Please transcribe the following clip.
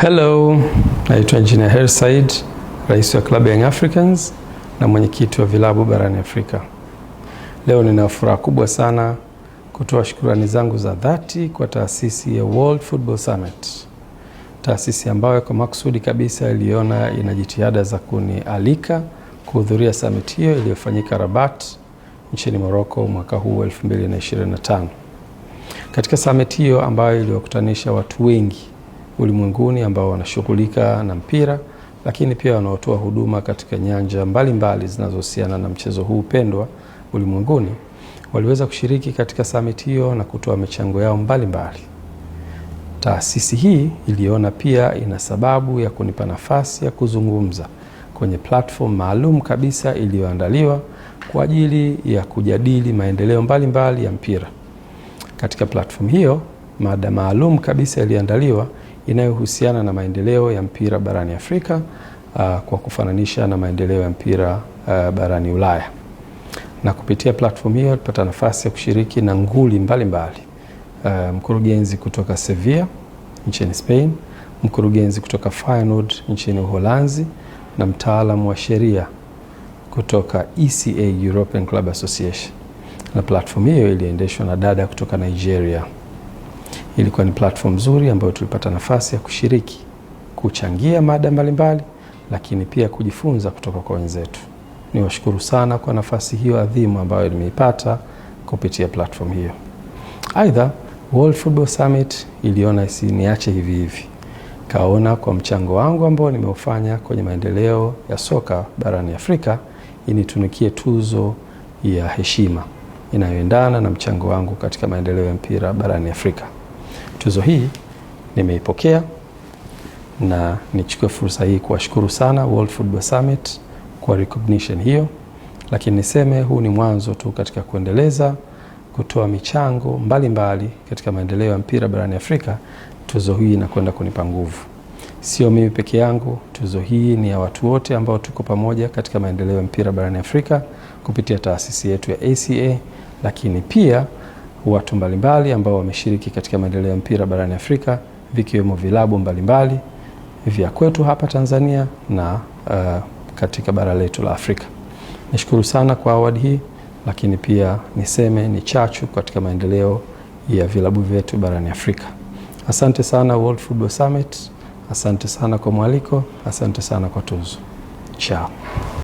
Hello, naitwa Engineer Hersaid, rais wa klabu ya Young Africans na mwenyekiti wa vilabu barani Afrika. Leo nina furaha kubwa sana kutoa shukurani zangu za dhati kwa taasisi ya World Football Summit, taasisi ambayo kwa makusudi kabisa iliona ina jitihada za kunialika kuhudhuria summit hiyo iliyofanyika Rabat nchini Morocco mwaka huu 2025. Katika summit hiyo ambayo iliwakutanisha watu wengi ulimwenguni ambao wanashughulika na mpira, lakini pia wanaotoa huduma katika nyanja mbalimbali zinazohusiana na mchezo huu pendwa ulimwenguni waliweza kushiriki katika summit hiyo na kutoa michango yao mbalimbali Taasisi hii iliona pia ina sababu ya kunipa nafasi ya kuzungumza kwenye platform maalum kabisa iliyoandaliwa kwa ajili ya kujadili maendeleo mbalimbali mbali ya mpira. Katika platform hiyo, mada maalum kabisa iliyoandaliwa inayohusiana na maendeleo ya mpira barani Afrika uh, kwa kufananisha na maendeleo ya mpira uh, barani Ulaya, na kupitia platform hiyo tupata nafasi ya kushiriki na nguli mbalimbali mbali. Uh, mkurugenzi kutoka Sevilla nchini Spain, mkurugenzi kutoka Feyenoord nchini Uholanzi na mtaalamu wa sheria kutoka ECA European Club Association, na platform hiyo iliendeshwa na dada kutoka Nigeria. Ilikuwa ni platform nzuri ambayo tulipata nafasi ya kushiriki, kuchangia mada mbalimbali, lakini pia kujifunza kutoka kwa wenzetu. Niwashukuru sana kwa nafasi hiyo adhimu ambayo nimeipata kupitia platform hiyo. Aidha, World Football Summit iliona isiniache hivi hivi, kaona kwa mchango wangu ambao nimeufanya kwenye maendeleo ya soka barani Afrika initunikie tuzo ya heshima inayoendana na mchango wangu katika maendeleo ya mpira barani Afrika tuzo hii nimeipokea na nichukue fursa hii kuwashukuru sana World Football Summit kwa recognition hiyo, lakini niseme huu ni mwanzo tu katika kuendeleza kutoa michango mbalimbali mbali katika maendeleo ya mpira barani Afrika. Tuzo hii inakwenda kunipa nguvu, sio mimi peke yangu. Tuzo hii ni ya watu wote ambao tuko pamoja katika maendeleo ya mpira barani Afrika kupitia taasisi yetu ya ACA, lakini pia watu mbalimbali ambao wameshiriki katika maendeleo ya mpira barani Afrika vikiwemo vilabu mbalimbali vya kwetu hapa Tanzania na uh, katika bara letu la Afrika. Nishukuru sana kwa award hii, lakini pia niseme ni chachu katika maendeleo ya vilabu vyetu barani Afrika. Asante sana World Football Summit, asante sana kwa mwaliko, asante sana kwa tuzo. Ciao.